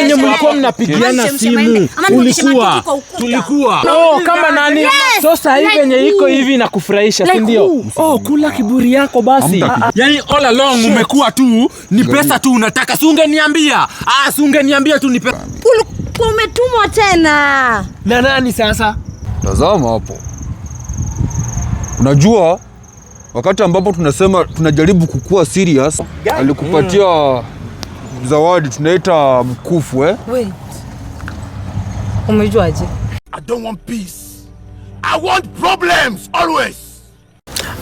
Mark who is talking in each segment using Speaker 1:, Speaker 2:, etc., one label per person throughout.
Speaker 1: Enye mlikuwa mnapigiana simu tulikuwa kama nani? So saa hii venye iko hivi na kufurahisha, si oh, kula kiburi yako basi. Yani all along umekuwa tu ni pesa tu unataka, si ungeniambia? Ah, tu ni pesa.
Speaker 2: umetumwa tena
Speaker 1: na nani sasa?
Speaker 3: Tazama hapo. Unajua wakati ambapo tunasema tunajaribu kukuwa serious, alikupatia mm, zawadi tunaita mkufu eh?
Speaker 2: Wait. Umejuaje?
Speaker 1: I don't want peace. I want problems always.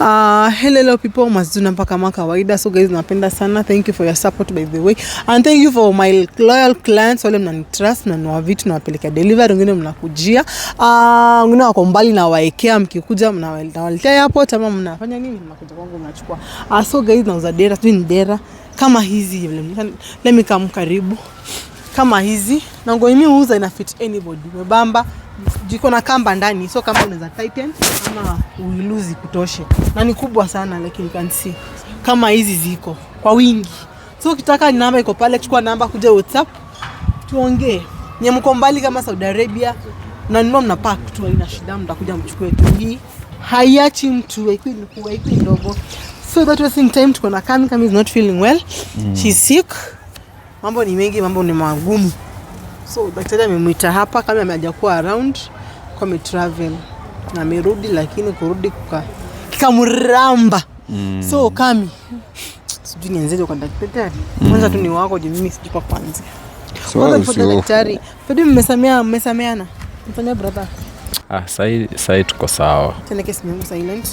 Speaker 4: Uh, hello people mazuna mpaka kama kawaida. So guys, napenda sana, thank you for your support by the way, and thank you for my loyal clients wale trust na nwa vitu na wapeleka delivery, wengine mnakujia, Ah, uh, wengine wako mbali na waekea, mkikuja mnawaletea hapo ama mnafanya nini, mnakuja kwangu mnachukua. Uh, so guys, nauza dera tu, ni dera kama hizi, let me come karibu, kama hizi na ngoi mimi uza ina fit anybody, mwebamba jiko na kamba ndani, so kama unaweza tighten ama uiluzi kutoshe, na ni kubwa sana like you can see, kama hizi ziko kwa wingi. So ukitaka namba iko pale, chukua namba, kuja WhatsApp tuongee. Nye mko mbali kama Saudi Arabia, na nimo mna pack tu, haina shida, mtakuja mchukue tu. Hii haiachi mtu, haikui mkubwa, haikui ndogo. So that was in time, tuko na Khan, kama is not feeling well, mm. she's sick. Mambo ni mengi, mambo ni magumu. So daktari amemwita hapa, kama hajakuwa around kwa travel na amerudi, lakini kurudi kikamramba. Mm. So kami sijui nianzeje kwa daktari mm. kwanza. Mm. tu ni wako je, mimi sijui kwa kwanza kwanza kwa daktari pedi. Mmesamea, mmesameana mfanya brother.
Speaker 5: Ah, sai sai tuko sawa
Speaker 4: tena, kesi mko silent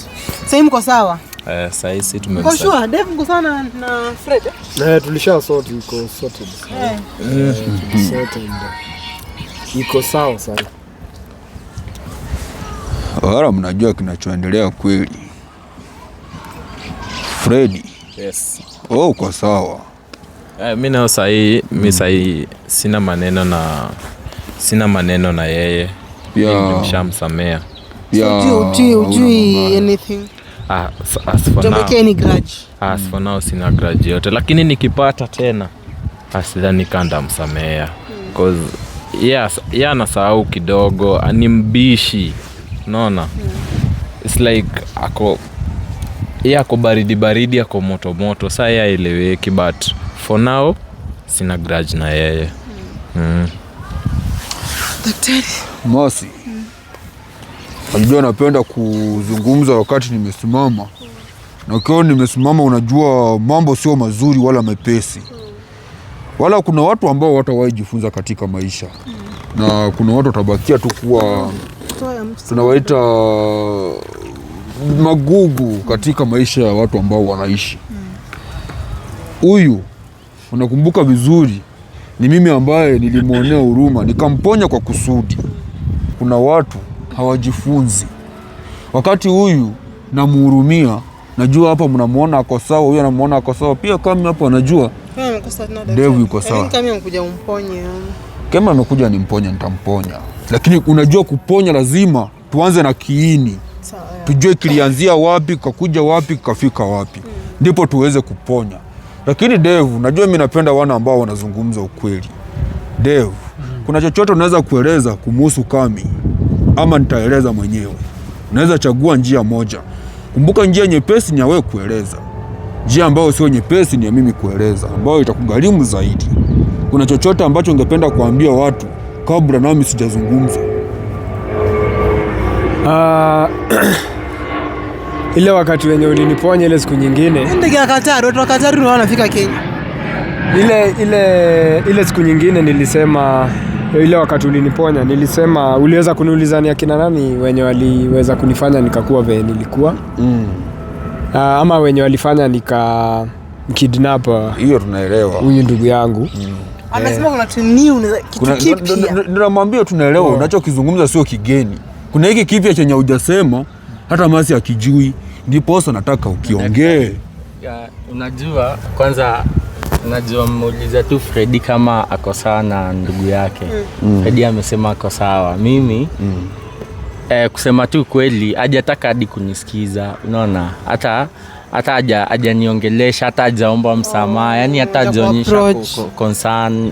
Speaker 4: sai mko sawa
Speaker 5: Eh, Kwa saisi
Speaker 4: Dave Devu sana na Fred. Eh?
Speaker 3: Na Eh, tulisha sort yuko sorted. Eh. Sorted. Yuko sawa sana. Wala mnajua kinachoendelea kweli. Fred. Yes. Oh, uko sawa.
Speaker 5: Eh, mimi nao sahi, mimi mm. sahi sina maneno na sina maneno na yeye. Yeah. Nimeshamsamea.
Speaker 4: Yeah. Ujui anything.
Speaker 5: As, as for
Speaker 4: now,
Speaker 5: as for now sina grudge yote, lakini nikipata tena asidhani kanda msamea hmm. cause yes, ya anasahau kidogo, ah, ni mbishi naona hmm. It's like ako ya ako baridi baridi, ako moto moto, saa ya eleweki, but for now sina grudge na yeye mm. Mm.
Speaker 4: Daktari
Speaker 3: Mosi Unajua napenda kuzungumza wakati nimesimama mm. na ukiwa nimesimama, unajua mambo sio mazuri wala mepesi mm. wala kuna watu ambao watawahi jifunza katika maisha mm. na kuna watu watabakia tu kuwa tunawaita magugu katika maisha ya watu ambao wanaishi huyu mm. unakumbuka vizuri ni mimi ambaye nilimwonea huruma nikamponya kwa kusudi. Kuna watu hawajifunzi. Wakati huyu namhurumia, najua hapa mnamwona ako sawa, huyu anamwona ako sawa pia. Kami hapo anajua Devu yuko sawa, yaani kama amekuja nimponye, nitamponya. Lakini unajua kuponya lazima tuanze na kiini, tujue kilianzia wapi, kakuja wapi, kafika wapi, hmm. ndipo tuweze kuponya. Lakini Devu, najua mi napenda wana ambao wanazungumza ukweli. Devu, hmm. kuna chochote unaweza kueleza kumuhusu Kami ama nitaeleza mwenyewe. Unaweza chagua njia moja. Kumbuka, njia nyepesi ni ya wewe kueleza, njia ambayo sio nyepesi ni ya mimi kueleza, ambayo itakugharimu zaidi. Kuna chochote ambacho ungependa kuambia watu kabla nami sijazungumza?
Speaker 6: Uh, ile wakati wenye uliniponya ile siku nyingine ile, ile, ile siku nyingine nilisema ile wakati uliniponya nilisema, uliweza kuniuliza ni akina nani wenye waliweza kunifanya nikakuwa vile nilikuwa mm. Uh, ama wenye walifanya nika kidnap ah,
Speaker 3: hiyo tunaelewa,
Speaker 6: huyu ndugu yangu
Speaker 4: mm. eh.
Speaker 3: Namwambia tunaelewa oh. Unachokizungumza sio kigeni, kuna hiki kipya chenye hujasema hata Masi akijui, ndiposa nataka ukiongee.
Speaker 7: Unajua kwanza Najua mmeuliza tu Fredi kama ako sawa na ndugu yake mm. mm. Fredi amesema ako sawa. Mimi mm. eh, kusema tu kweli hajataka hadi kunisikiza, unaona hata hata hajaniongelesha hata ajaomba msamaha oh, yani hata ajaonyesha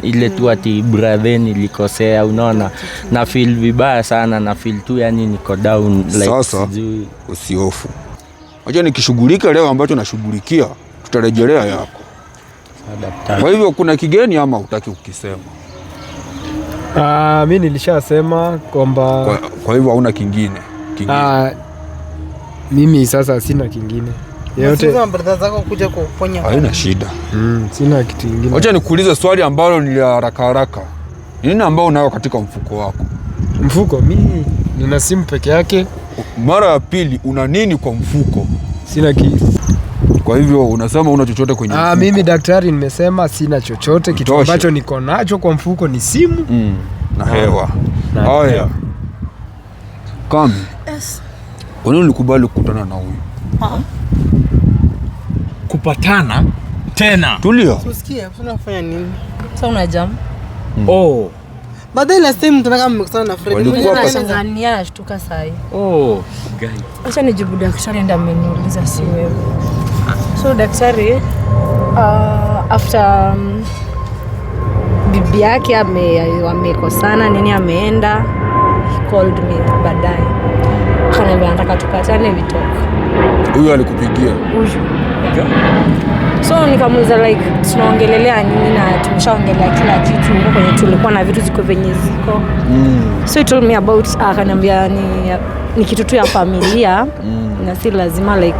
Speaker 7: ile tu mm. ati brother, nilikosea. Unaona, na fil vibaya sana, na fil tu yani niko down like.
Speaker 3: usiofu usihofu, nikishughulika leo ambacho nashughulikia, tutarejelea yako kwa hivyo kuna kigeni ama hutaki ukisema?
Speaker 6: Uh, ah, mi nilishasema kwamba
Speaker 3: kwa, kwa hivyo hauna kingine,
Speaker 6: kingine. Uh, mimi sasa sina kingine
Speaker 4: yote
Speaker 3: haina shida
Speaker 6: mm, sina kitu kingine.
Speaker 3: Acha nikuulize swali ambalo ni la haraka haraka, nini ambao unayo katika mfuko wako?
Speaker 6: Mfuko mimi nina simu peke yake.
Speaker 3: Mara ya pili, una nini kwa mfuko?
Speaker 6: Sina kitu
Speaker 3: kwa hivyo unasema una chochote kwenye
Speaker 6: ah, mfuko? Ah, mimi daktari, nimesema sina chochote. Kitu ambacho niko nacho kwa mfuko ni simu
Speaker 3: mm, na ah, hewa haya. kama Kami, ulikubali kukutana na huyu
Speaker 1: kupatana tena?
Speaker 3: Tulia,
Speaker 4: usikie tunafanya nini
Speaker 2: sasa? Una jambo
Speaker 1: mm. oh
Speaker 4: baadaye last time tunataka mmekutana na Fred.
Speaker 2: Mimi nashangania nashtuka sasa.
Speaker 1: Oh, gani?
Speaker 2: Acha nijibu daktari, ndio ameniuliza si wewe. So daktari uh, after um, bibi yake wamekosana nini, ameenda he called me baadaye, akanambia nataka tukatane vitoko
Speaker 3: Huyu alikupigia
Speaker 2: huyu? So nikamuuliza like tunaongelelea nini, na tumeshaongelea kila kitu huko kwenye tulikuwa na vitu ziko venye ziko mm. So he told me about akanambia ni, ni kitu tu ya familia mm. na si lazima like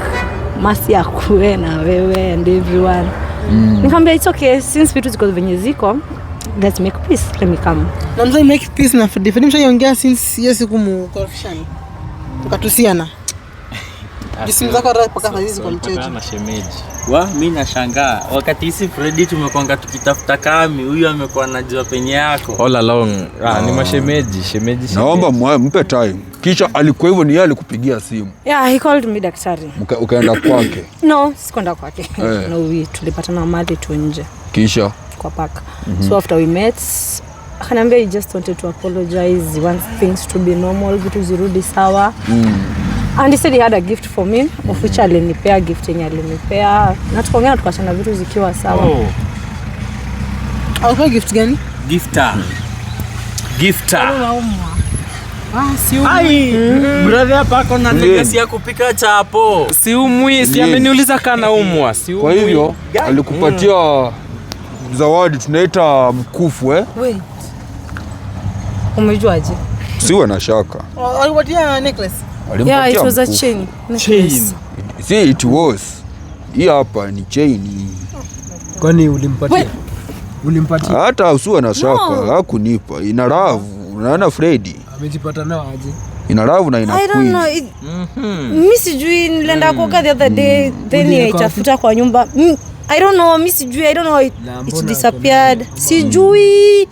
Speaker 2: masi akuwe na wewe and everyone mm. Nikamwambia it's okay since vitu ziko venye ziko let's make peace let me come
Speaker 4: na mzee make peace na definition Fadi since yes kumu corruption tukatusiana Ah, Jisimu zako hata hizi kwa
Speaker 7: mteja. Na shemeji. Wa, nashangaa. Wakati hisi Fredi tumekwanga tukitafuta kami, huyu amekuwa anajua penye yako.
Speaker 5: All along. Ah, ni ah. mashemeji, shemeji.
Speaker 3: Naomba mpe time. Kisha alikuwa hivyo ni yeye alikupigia simu.
Speaker 2: Yeah, he called me daktari.
Speaker 3: Ukaenda kwake?
Speaker 2: No, sikwenda kwake. Eh. No, we tulipatana mahali tu nje. Kisha kwa mhm. So after we met, akaniambia he just wanted to apologize, he wants things to be normal, vitu zirudi sawa. Mm. And he said he had a gift for me of which alinipea gift yenye alinipea na tukaongea, tukachana vitu zikiwa sawa. Oh.
Speaker 4: Alikuwa gift gani?
Speaker 1: Gifta. Gifta.
Speaker 4: Ah,
Speaker 1: mm-hmm. Brother hapa ako na legacy ya kupika chapo. Siumwi, si ameniuliza kana umwa. Siumwi. Kwa hivyo
Speaker 3: mm. alikupatia zawadi tunaita mkufu eh?
Speaker 2: Wait. Umejuaje?
Speaker 3: Siwe na shaka.
Speaker 4: Oh, alikupatia necklace.
Speaker 2: Yeah, it was a chain.
Speaker 1: Chain.
Speaker 3: See, it was. Hii hapa ni chain.
Speaker 6: Kwani ulimpatia? Ulimpatia?
Speaker 3: Hata usiwe na shaka, hakunipa. Ina ravu, unaona Freddy.
Speaker 6: Amejipata nao aje?
Speaker 3: Ina ravu na ina queen. Mimi
Speaker 2: mm-hmm. sijui nilienda mm. kwa the other day mm. then nikaitafuta kwa nyumba. Mm, I don't know, mimi sijui, I don't know it it disappeared. Sijui.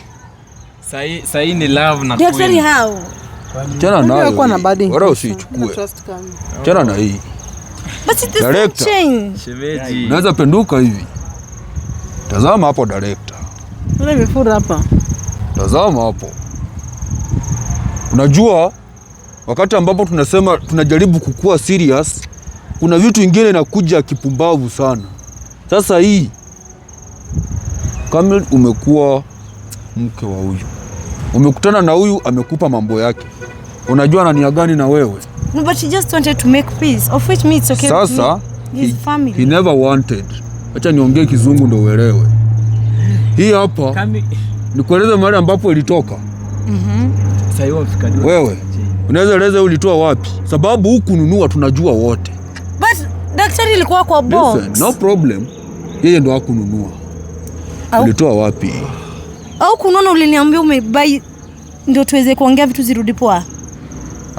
Speaker 1: Sai sai ni love na queen. Daktari
Speaker 2: hao.
Speaker 3: Chana nayo. Wala usichukue. Chana na hii.
Speaker 2: Basi director.
Speaker 5: Shemeji.
Speaker 3: Naweza penduka hivi. Tazama hapo director. hapa. Tazama hapo. Unajua wakati ambapo tunasema tunajaribu kukua serious, kuna vitu ingine inakuja kipumbavu sana. Sasa hii Kamil, umekuwa mke wa huyu, umekutana na huyu, amekupa mambo yake unajua na nia gani na wewe.
Speaker 2: No, but he just wanted to make peace, of which me it's okay sasa with me, his
Speaker 3: He never wanted. Acha niongee kizungu ndo uelewe. Hii hapa nikueleze mahali ambapo ilitoka.
Speaker 2: mm
Speaker 6: -hmm.
Speaker 3: Wewe unaweza eleza ulitoa wapi? Sababu hukununua tunajua wote.
Speaker 2: But daktari ilikuwa kwa box. Listen,
Speaker 3: no problem. Yeye ndo hakununua. Ulitoa wapi?
Speaker 2: Au kunona uliniambia umebai ndio tuweze kuongea vitu zirudi poa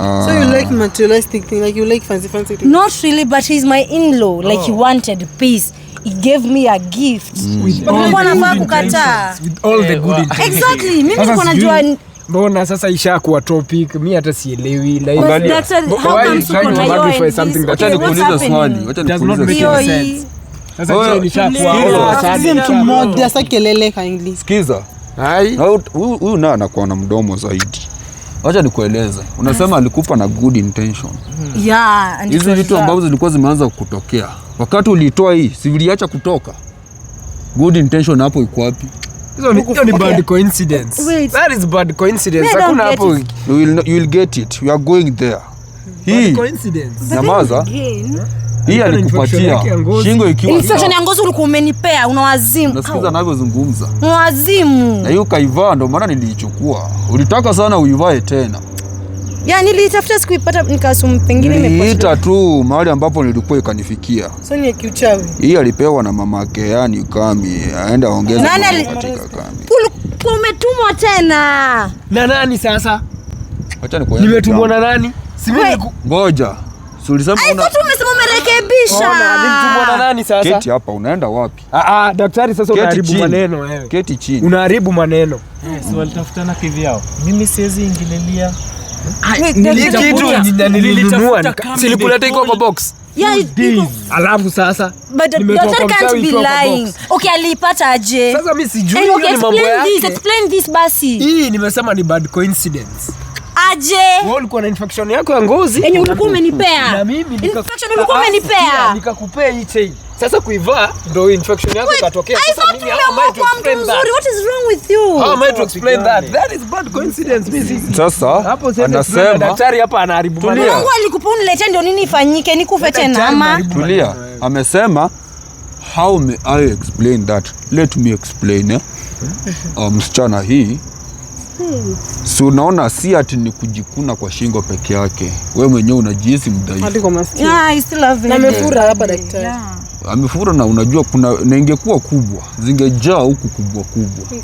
Speaker 7: so you like materialistic thing, like you like fancy fancy
Speaker 2: thing? Not really, but he's my in-law. Like oh. he wanted peace. He gave me a gift.
Speaker 4: Mm. Nafaa kukataa.
Speaker 7: With all the eh, good intentions.
Speaker 2: Exactly. Mimi niko najua
Speaker 6: mbona sasa ishakuwa topic mi hata sielewi
Speaker 2: nikuuliza
Speaker 4: mtu mmoja sa kelele kaingiskiza
Speaker 3: huyu naye anakuwa na mdomo zaidi Wacha nikueleze, unasema alikupa na good intention.
Speaker 2: Yeah,
Speaker 3: hizi vitu ambazo zilikuwa zimeanza kutokea wakati ulitoa hii, si uliacha kutoka? Good intention hapo iko wapi?
Speaker 1: Hiyo ni bad coincidence. That is bad coincidence. Hakuna hapo. You will, you will get it. We are going there. Bad Hii. Nyamaza hii alikupatia shingo ikiwa
Speaker 2: infection ya ngozi ulikuwa umenipea, unawazimu.
Speaker 3: Nasikiza anavyozungumza
Speaker 2: unawazimu,
Speaker 3: na hiyo kaivaa, ndio maana niliichukua. Ulitaka sana uivae tena
Speaker 2: ya niliitafuta sikuipata, nikasum pengine
Speaker 3: nimeita tu mahali ambapo nilikuwa ikanifikia.
Speaker 4: So ni kiuchawi.
Speaker 3: Hii alipewa na mamake, yani kambi aenda ongeza katika kambi.
Speaker 2: Umetumwa tena
Speaker 1: na nani sasa? Acha nikueleze. Nimetumwa na nani?
Speaker 3: Ngoja Umesema hapa unaenda wapi?
Speaker 6: Ah ah, daktari sasa unaharibu maneno wewe. Keti chini. Unaharibu maneno.
Speaker 7: Eh, walitafutana kivyao. Mimi siwezi ingililia.
Speaker 1: Nilinunua. Silikuleta iko kwa box. alafu sasa
Speaker 2: alipata aje?
Speaker 3: Sasa mimi sijui
Speaker 2: hiyo ni mambo yake. Explain this basi.
Speaker 1: Hii nimesema ni bad coincidence aje? Wewe ulikuwa na infection yako ya ngozi
Speaker 2: yenye yaani ulikuwa umenipea. Na mimi infection ulikuwa ah, umenipea.
Speaker 1: Nikakupea hii chain. Sasa kuivaa ndio infection yako ikatokea.
Speaker 2: Sasa mimi hapa am I to explain What is wrong with you?
Speaker 1: How am I to explain that? That is bad coincidence mimi.
Speaker 3: Sasa hapo sasa anasema
Speaker 1: daktari hapa anaharibu mali. Mungu
Speaker 2: alikupa uniletea ndio nini ifanyike? Nikufe tena ama?
Speaker 3: Tulia. Amesema how may I explain that? Let me explain. Eh? Ah, msichana hii Hmm. So unaona si ati ni kujikuna kwa shingo peke yake, wewe mwenyewe unajihisi mdhaifu.
Speaker 4: Amefura hapa daktari. Yeah.
Speaker 3: Amefura na unajua kuna na ingekuwa kubwa zingejaa huku kubwa kubwa.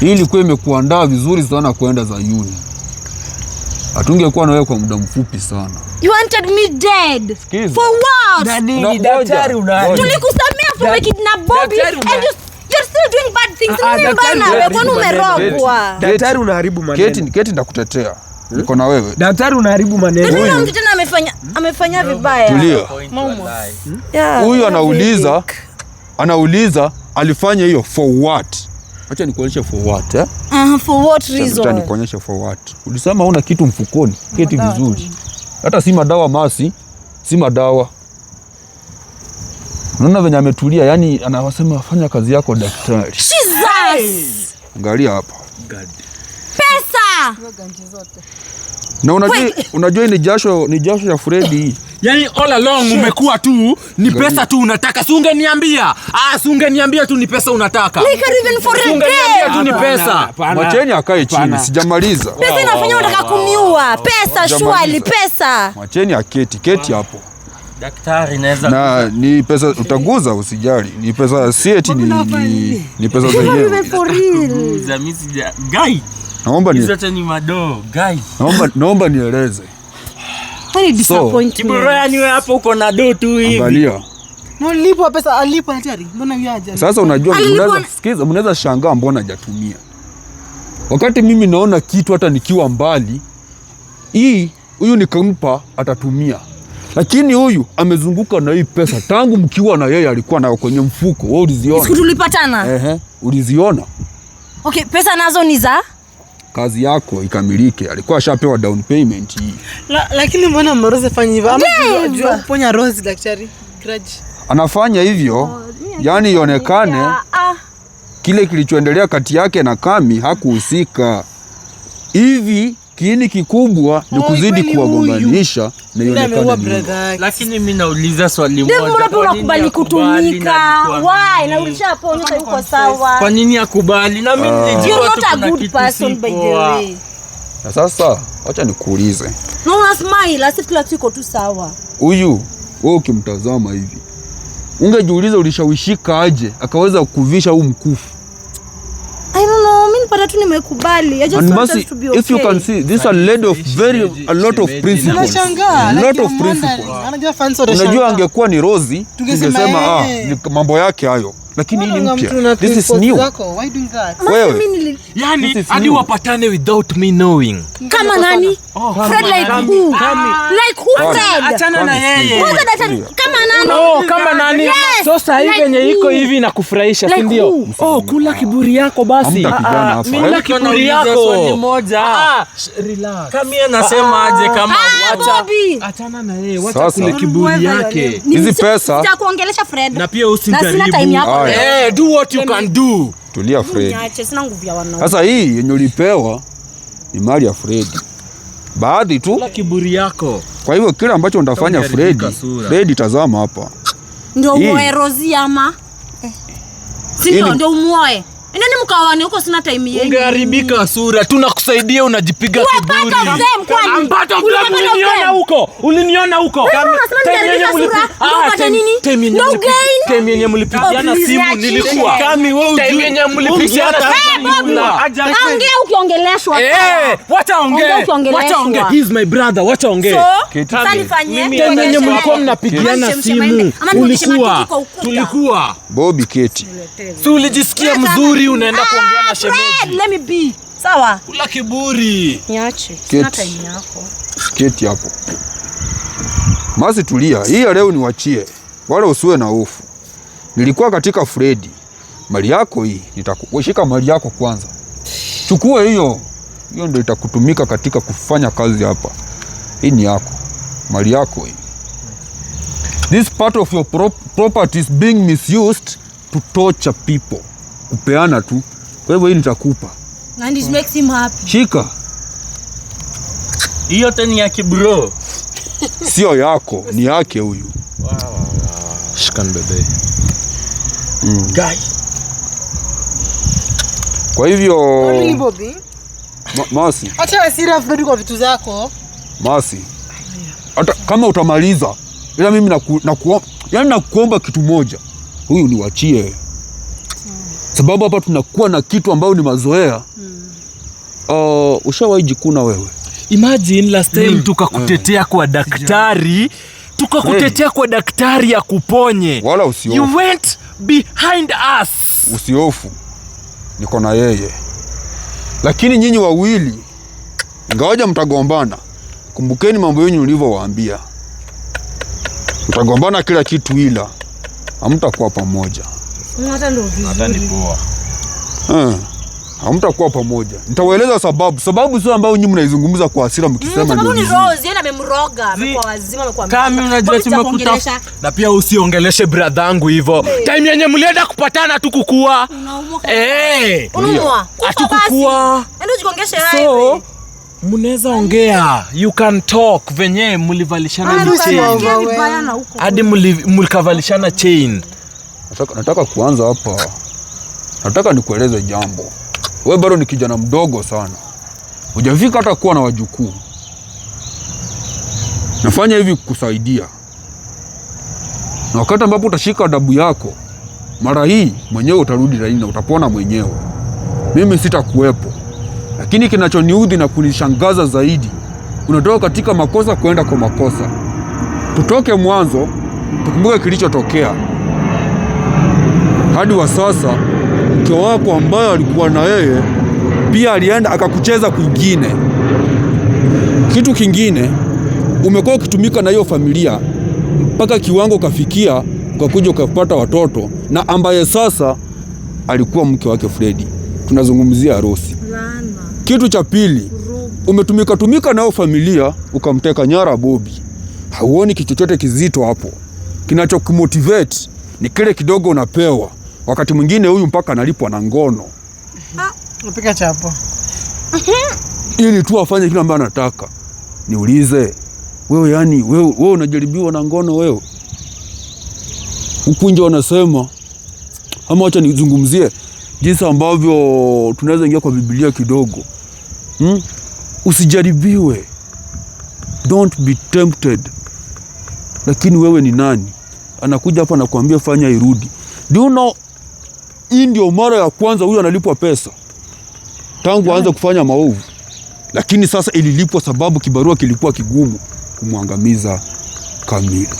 Speaker 3: Hii ilikuwa imekuandaa vizuri sana kwenda yuni, hatungekuwa na wewe kwa muda mfupi sana.
Speaker 2: You wanted me dead. For what?
Speaker 1: Daktari unaani?
Speaker 2: Tulikusamea for making na Bobby and you Ah, ah,
Speaker 1: daktari, unaharibu
Speaker 3: maneno. Keti, ndakutetea. Hmm? Niko na wewe.
Speaker 1: Daktari, unaharibu maneno.
Speaker 2: Yaani Msichana amefanya amefanya vibaya.
Speaker 3: Huyu anauliza anauliza alifanya hiyo for what? Acha nikuonyeshe for what eh?
Speaker 2: Uh, for what reason? Acha
Speaker 3: nikuonyeshe for what. Ulisema una kitu mfukoni. Keti vizuri. Hata si madawa masi, si madawa Unaona venye ametulia, yani anawasema fanya kazi yako daktari.
Speaker 2: Jesus!
Speaker 3: Angalia hapa. God.
Speaker 2: Pesa!
Speaker 3: Na unajua unajua ni jasho ni jasho ya Fredi.
Speaker 1: Yaani all along umekuwa tu ni pesa tu unataka. Si ungeniambia. Ah, si ungeniambia tu ni pesa unataka.
Speaker 2: Like even for a day.
Speaker 1: Tu ni pesa.
Speaker 3: Mwacheni akae chini, sijamaliza.
Speaker 2: Pesa inafanya unataka kumiua. Pesa shwali pesa.
Speaker 3: Mwacheni aketi, keti hapo.
Speaker 7: Daktari naweza
Speaker 3: na ni pesa utaguza, usijali, ni pesa si eti ni, ni, ni pesa zenyewe naomba ni, naomba nieleze
Speaker 2: yaani hivi,
Speaker 4: angalia
Speaker 3: sasa, unajua sikiza, mnaweza shangaa mbona hajatumia wakati mimi naona kitu hata nikiwa mbali. Hii huyu nikampa atatumia lakini huyu amezunguka na hii pesa tangu mkiwa na yeye, alikuwa nayo kwenye mfuko. Wewe uliziona siku
Speaker 2: tulipatana?
Speaker 3: Ehe, uliziona.
Speaker 2: Okay, pesa nazo ni za
Speaker 3: kazi yako ikamilike. Alikuwa ashapewa down payment hii.
Speaker 4: La, lakini mbona Mrose fanya hivyo? Ama Amejua kuponya Rose daktari Kraji
Speaker 3: anafanya hivyo oh, yani ionekane ah, ah. kile kilichoendelea kati yake na Kami hakuhusika hivi kiini kikubwa ni kuzidi kuwagombanisha na ionekane.
Speaker 7: Lakini mimi nauliza swali
Speaker 2: moja, unakubali kutumika why? Na ulishapoonyesha yuko sawa,
Speaker 1: kwa nini akubali? Na mimi ah.
Speaker 2: not a good person by the way.
Speaker 3: Na sasa. Acha nikuulize,
Speaker 2: No, smile kila kitu iko tu sawa
Speaker 3: huyu wewe ukimtazama hivi, ungejiuliza ulishawishika aje akaweza kuvisha huu mkufu
Speaker 2: utanipata tu nimekubali. I just want us to be okay. If
Speaker 3: you can see this a lady of very a lot of principles. A Lot of principles. Unajua angekuwa ni Rozi, tungesema eh. ah, mambo yake hayo lakini hii ni mpya. This is new. Why
Speaker 1: doing that? Wewe. Yani hadi wapatane without me knowing.
Speaker 2: Kama nani? Oh, Fred like who? Like who Fred?
Speaker 1: Achana na yeye. Kama nani? Oh, kama nani? So sasa hivi yenye iko hivi na kufurahisha, si ndio? Oh, kula kiburi yako basi. Ah, ah, kula kiburi yako. Ni
Speaker 7: moja. Ah, relax.
Speaker 1: Kama yeye anasema aje kama wacha.
Speaker 4: Achana na yeye,
Speaker 3: wacha kula
Speaker 1: kiburi yake.
Speaker 3: Hizi pesa.
Speaker 2: Sitakuongelesha Fred. Na pia usijaribu. Na sina time yako.
Speaker 3: Tulia
Speaker 4: mm,
Speaker 3: Sasa hii yenye ulipewa ni mali ya Fredi, baadhi tu
Speaker 1: kiburi yako.
Speaker 3: Kwa hivyo kile ambacho ndafanya fredi fredi tazama hapa,
Speaker 2: ndio umoe Rozi ama eh. yaani- ndio umoe nani, huko, sina time yenu,
Speaker 1: ungeharibika sura tuna kusaidia unajipiga kiburi. Uliniona mlikuwa mnapigiana simu ulikuwa. Tulikuwa. Si ulijisikia mzuri unaenda ah, kuongea na
Speaker 2: shemeji. Sawa.
Speaker 1: Kula kiburi.
Speaker 4: Niache.
Speaker 3: Sketi hapo. Mazi, tulia. Hii ya leo niwachie, wala usiwe na hofu. Nilikuwa katika Fredi. Mali yako hii nitakushika, mali yako kwanza, chukua hiyo hiyo, ndio itakutumika katika kufanya kazi hapa. Hii ni yako, mali yako hii. This part of your prop property is being misused to torture people, kupeana tu. Kwa hivyo hii nitakupa.
Speaker 2: And it makes him happy.
Speaker 3: Shika.
Speaker 1: Hiyo yote ni yake bro.
Speaker 3: Sio yako, ni yake huyu. Wow.
Speaker 1: Shikan bebe.
Speaker 3: Mm. Guy. Kwa hivyo Ma Masi.
Speaker 4: Acha hasira Fred kwa vitu zako.
Speaker 3: Masi. Hata kama utamaliza ila mimi naku, naku, yani nakuomba kitu moja, huyu niwachie sababu hapa tunakuwa na kitu ambayo ni mazoea mm. Uh, ushawahi jikuna wewe?
Speaker 1: Imagine last time mm. tukakutetea mm. kwa daktari tukakutetea hey. kwa daktari ya kuponye, wala usiofu. You went behind us,
Speaker 3: usiofu, niko na yeye. Lakini nyinyi wawili ingawaja mtagombana, kumbukeni mambo yenyu nilivyowaambia. Mtagombana kila kitu, ila hamtakuwa pamoja. Eh, hamtakuwa pamoja. Nitawaeleza sababu, sababu sio ambayo nyinyi mnaizungumza kwa hasira mkisema
Speaker 2: mm,
Speaker 1: unajua tumekuta na pia usiongeleshe bradha yangu hivyo. Time yenye mlienda kupatana tu kukua. Eh.
Speaker 2: Atukukua. Yaani
Speaker 1: so mnaweza ongea, you can talk venye mlivalishana ah, chain. Hadi mlikavalishana chain
Speaker 3: nataka, nataka kuanza hapa. Nataka nikueleze jambo, we bado ni kijana mdogo sana, hujafika hata kuwa na wajukuu. Nafanya hivi kukusaidia, na wakati ambapo utashika adabu yako mara hii mwenyewe utarudi laini na utapona mwenyewe. Mimi sitakuwepo, lakini kinachoniudhi na kunishangaza zaidi, unatoka katika makosa kwenda kwa makosa. Tutoke mwanzo, tukumbuke kilichotokea hadi wa sasa mke wako ambaye alikuwa na yeye pia alienda akakucheza kwingine. Kitu kingine, umekuwa ukitumika na hiyo familia mpaka kiwango kafikia ukakuja ukapata watoto na ambaye sasa alikuwa mke wake Fredi. Tunazungumzia harusi. Kitu cha pili, umetumika tumika nao familia ukamteka nyara Bobi. Hauoni kichochote kizito hapo? Kinachokumotivate ni kile kidogo unapewa Wakati mwingine huyu mpaka analipwa na ngono
Speaker 4: napiga chapo
Speaker 3: ili tu afanye kile ambacho anataka. Niulize wewe, yani wewe, wewe unajaribiwa na ngono wewe? Huku wanasema ama, acha nizungumzie jinsi ambavyo tunaweza ingia kwa Biblia kidogo hmm? Usijaribiwe, don't be tempted. Lakini wewe ni nani? Anakuja hapa anakuambia fanya irudi. Do you know hii ndio mara ya kwanza huyu analipwa pesa tangu aanze kufanya maovu, lakini sasa ililipwa sababu kibarua kilikuwa kigumu kumwangamiza Kamila.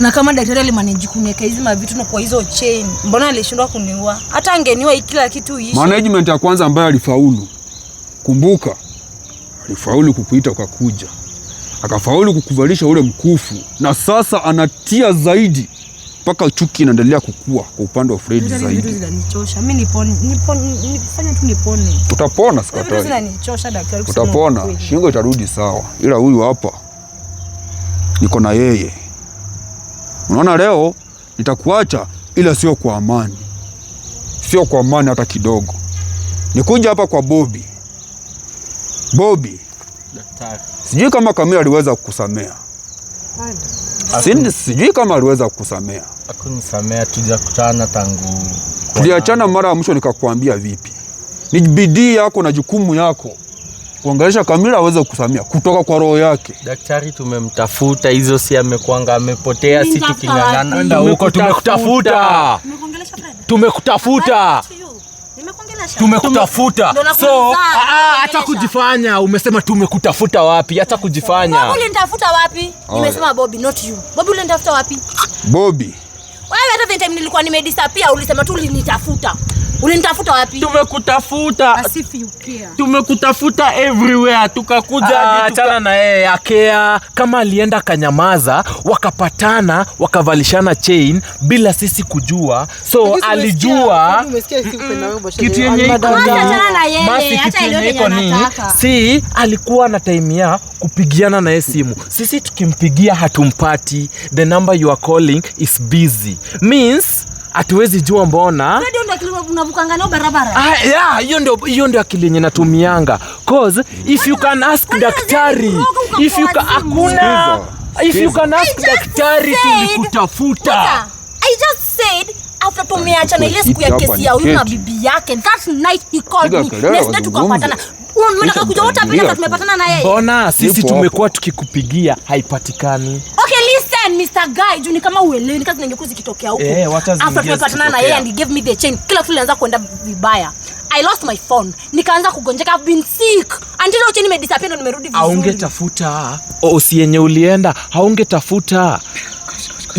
Speaker 2: Na kama daktari alimanage kuniweka hizi mavitu na kwa hizo chain, mbona alishindwa kuniua? Hata angeniua kila kitu ishi.
Speaker 3: Management ya kwanza ambayo alifaulu, kumbuka, alifaulu kukuita kuja, akafaulu kukuvalisha ule mkufu, na sasa anatia zaidi mpaka chuki inaendelea kukua kwa upande wa fredi zaidi. Utapona, sikatai, utapona, shingo itarudi sawa, ila huyu hapa niko na yeye. Unaona, leo nitakuacha, ila sio kwa amani, sio kwa amani hata kidogo. Nikuja hapa kwa Bobi. Bobi, sijui kama Kamila aliweza kukusamea Sini, sijui kama aliweza kukusamea.
Speaker 7: Hakunisamea, tujakutana tangu.
Speaker 3: Tuliachana mara ya mwisho nikakwambia vipi? Ni bidii yako na jukumu yako kuangalisha Kamila aweze kukusamea kutoka kwa roho yake.
Speaker 7: Daktari tumemtafuta, hizo si amekwanga, amepotea, si tuking'ang'ana huko.
Speaker 1: Tumekutafuta, tumekutafuta tumekutafuta. So ah, ah, kujifanya, umesema tumekutafuta wapi? hata kujifanya. Bobi wapi?
Speaker 2: Bobi ulinitafuta
Speaker 3: wapi?
Speaker 2: Wewe hata time nilikuwa nimedisapia ulisema tu ulinitafuta. Ulinitafuta wapi?
Speaker 1: Tumekutafuta. Asifi Tumekutafuta everywhere tukakuja. ah, Achana na yeye akea, kama alienda kanyamaza, wakapatana, wakavalishana chain bila sisi kujua, so alijua kitu yenye iko ni si alikuwa na time ya kupigiana na yeye simu. Sisi tukimpigia hatumpati, the number you are calling is busy means hatuwezi jua mbona. Ah, hiyo ndio akili yenye natumianga, cause if you can ask daktari, if you can hakuna, if you can ask daktari tulikutafuta
Speaker 2: after tumeacha na ile siku ya kesi ya huyu na bibi yake, that night he called me tukapatana. Unataka wote tumepatana
Speaker 1: Mbona sisi tumekuwa tukikupigia haipatikani?
Speaker 2: and Mr. Guy juu ni kama uelewi kazi ningekuwa zikitokea huko. Eh, what has After tumepatana na yeye and he gave me the chain. Kila kitu ilianza kuenda vibaya. I lost my phone. Nikaanza kugonjeka. I've been sick. Until leo nime disappear na nimerudi vizuri.
Speaker 1: Haungetafuta. Osi oh, yenye ulienda, haungetafuta.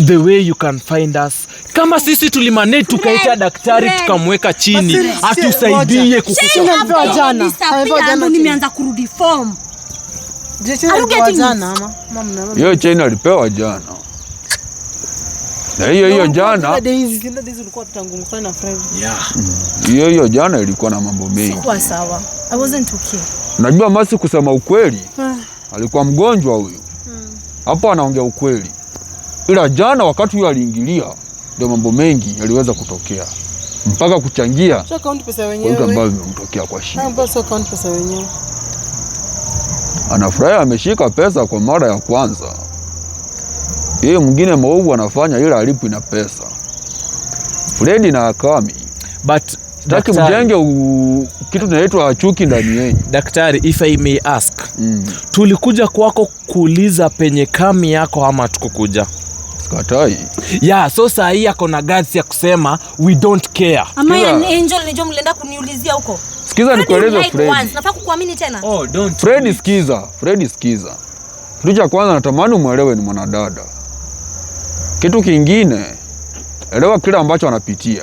Speaker 1: The way you can find us. Kama sisi tulimane tukaita daktari tukamweka chini atusaidie
Speaker 2: kukuta. Nimeanza kurudi form
Speaker 3: hiyo chain alipewa jana na hiyo hiyo jana hiyo hiyo jana ilikuwa na mambo mengi. Najua Masi, kusema ukweli, ah. alikuwa mgonjwa huyu hmm. hapo, hmm. Anaongea ukweli, ila jana wakati huyo aliingilia, ndio mambo mengi yaliweza kutokea mpaka kuchangia vitu ambavyo vimemtokea kwa shida anafurahi ameshika pesa kwa mara ya kwanza. Yeye mwingine maovu anafanya ila alipwi na pesa. Fredi na Akami but sitaki mjenge u... kitu tunaitwa chuki ndani yenu.
Speaker 1: Daktari, if I may ask mm. tulikuja kwako kuuliza penye kami yako ama tukukuja? Sikatai ya yeah, so saa hii ako na gazi ya kusema we don't care.
Speaker 2: Ama angel? Nijo mlienda kuniulizia huko
Speaker 3: Sikiza nikueleze Fred.
Speaker 2: Nafaa kukuamini tena.
Speaker 1: Oh, don't.
Speaker 3: Fred sikiza. Fred sikiza. Kitu cha kwanza natamani umwelewe ni mwanadada. Kitu kingine elewa kile ambacho anapitia.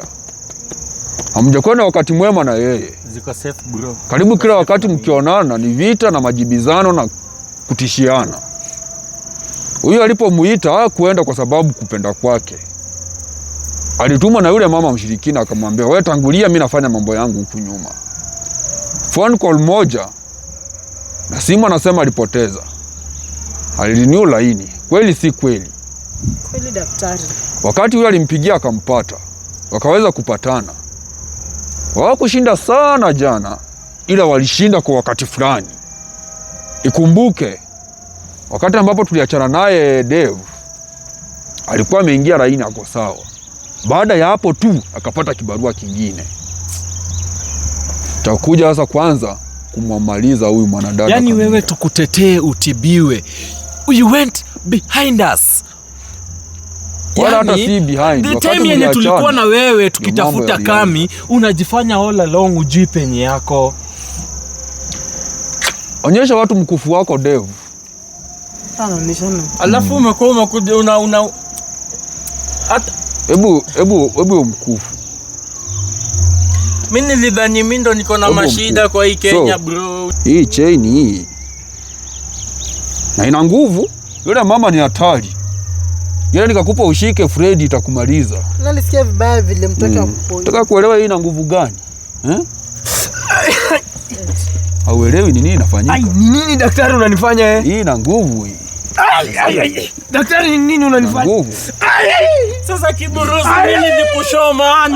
Speaker 3: Hamjakuwa na wakati mwema na yeye.
Speaker 7: Ziko safe bro.
Speaker 3: Karibu kila wakati mkionana ni vita na majibizano na kutishiana. Huyo alipomuita kuenda kwa sababu kupenda kwake. Alitumwa na yule mama mshirikina akamwambia, wewe tangulia, mimi nafanya mambo yangu huku nyuma phone call moja na simu anasema alipoteza, aliriniu laini. Kweli si kweli?
Speaker 2: Kweli daktari.
Speaker 3: Wakati huyo alimpigia akampata, wakaweza kupatana. Hawakushinda sana jana, ila walishinda kwa wakati fulani. Ikumbuke wakati ambapo tuliachana naye Dev alikuwa ameingia laini, ako sawa. Baada ya hapo tu akapata kibarua kingine. Takuja sasa kwanza kumwamaliza huyu mwanadada.
Speaker 1: Yani wewe tukutetee, utibiwe. You went behind us
Speaker 3: yaani,
Speaker 1: time yenye tulikuwa na wewe tukitafuta kami, unajifanya all along, ujui penye yako.
Speaker 3: Onyesha watu mkufu wako Dev,
Speaker 1: alafu umekuwa
Speaker 3: hebu hebu hebu mkufu
Speaker 1: mimi nilidhani mimi ndo niko na mashida kwa hii Kenya so, bro.
Speaker 3: Hii chain hii na ina nguvu. Yule mama ni hatari. Yule nikakupa ushike Fredi itakumaliza.
Speaker 4: Nalisikia vibaya vile mtoto mm. akupoa.
Speaker 3: Nataka kuelewa hii ina nguvu gani? Eh? Hauelewi ni nini inafanyika? Ai,
Speaker 1: ni nini daktari unanifanya eh?
Speaker 3: Hii ina nguvu hii.
Speaker 1: Daktari ni nini unanifanya? Nguvu. Sasa kiburusi nini nikushoma ani?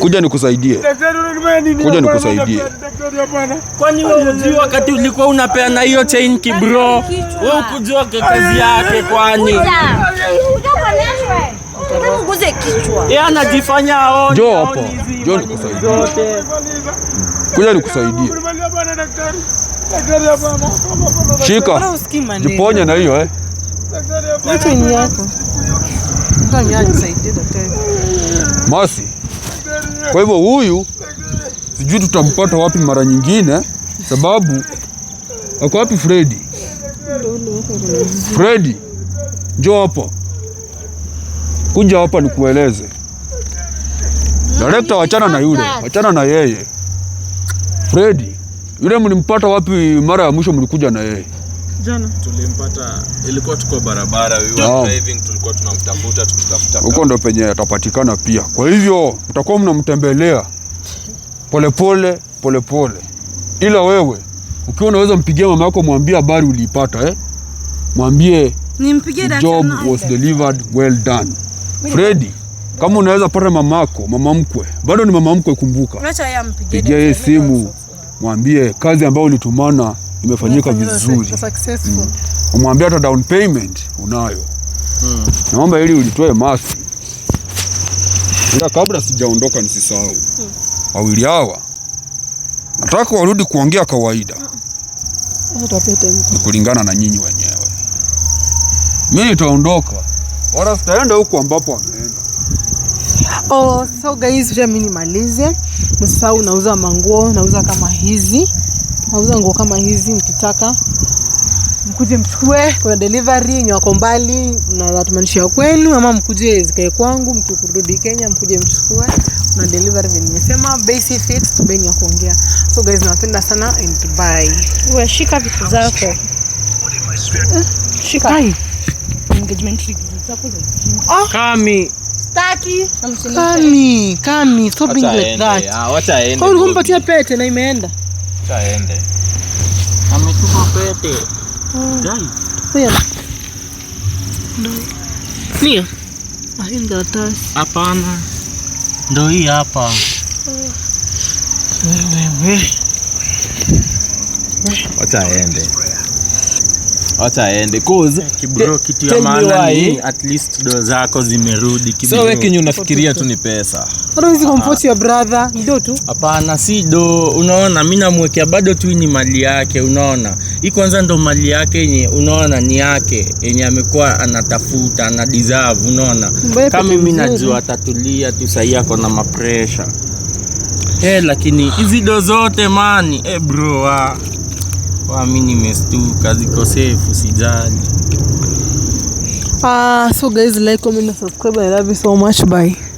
Speaker 3: Kuja nikusaidie. Kuja nikusaidie.
Speaker 1: Kwani wewe ujui wakati ulikuwa unapea na hiyo chain kibro, wewe ukujua kazi yake kwani? Yeye anajifanya aone.
Speaker 3: Njoo hapo. Njoo nikusaidie. Kuja nikusaidie. Shika. Jiponye na hiyo eh.
Speaker 4: Acha ni yako.
Speaker 3: Basi kwa hivyo huyu sijui tutampata wapi mara nyingine, sababu ako wapi? Fredi, Fredi njoo hapa, kuja hapa nikueleze. Darekta, wachana na yule, wachana na yeye. Fredi yule mlimpata wapi mara ya mwisho mlikuja na yeye? jana tulimpata, ilikuwa tuko barabara, we were driving, tulikuwa tunamtafuta tukitafuta, huko ndo penye atapatikana pia. Kwa hivyo mtakuwa mnamtembelea polepole polepole, ila wewe ukiwa unaweza mpigia mama yako, mwambie habari uliipata eh? Mwambie nimpigie the job was delivered well done. Freddy, kama unaweza pata mama yako, mama mkwe bado ni mama mkwe, kumbuka, pigia yeye simu mwambie kazi ambayo ulitumana imefanyika vizuri, mm. umwambia hata down payment unayo. Hmm. Naomba ili ulitoe masi, ila kabla sijaondoka nisisahau mm. wawili hmm. hawa nataka warudi kuongea kawaida mm. ni kulingana na nyinyi wenyewe. Mi nitaondoka wala sitaenda huku ambapo ameenda. Oh, so guys, nimalize. Msisahau nauza manguo, nauza kama hizi Nauza nguo kama hizi mkitaka mkuje mchukue, kuna delivery yenye wako mbali, mnaweza tumanisha kwenu ama mkuje zikae kwangu, mkikurudi Kenya mkuje mchukue na delivery. Vile nimesema basic fit to bei ya kuongea. So guys, nawapenda sana and dubai Wewe shika vitu zako, eh, shika hai engagement zako za ah! kami staki kami kami, so being like that. Ah, wacha aende, wacha Kwa hiyo pete na imeenda. Acha mm. aende. Ametupa pete. Dai. Huyo. Ndio. Nia. ndio tasi. Hapana. Ndo hii hapa. Wewe mm. wewe. Acha aende wacha aende eh, do zako zimerudi So kenye unafikiria tu ni pesa. ya brother ndo tu. Hapana, si do. Unaona mi namwekea bado tu ni mali yake, unaona hii kwanza ndo mali yake yenye unaona ni yake yenye amekuwa anatafuta ana deserve, unaona kama mi najua atatulia tu sahii ako na mapresha. Eh, hey, lakini hizi do zote mani, hey eh, bro, ah. Kwa ah, mimi nimestuka ziko safe Ah, so guys like, comment, subscribe. I love you so much. Bye.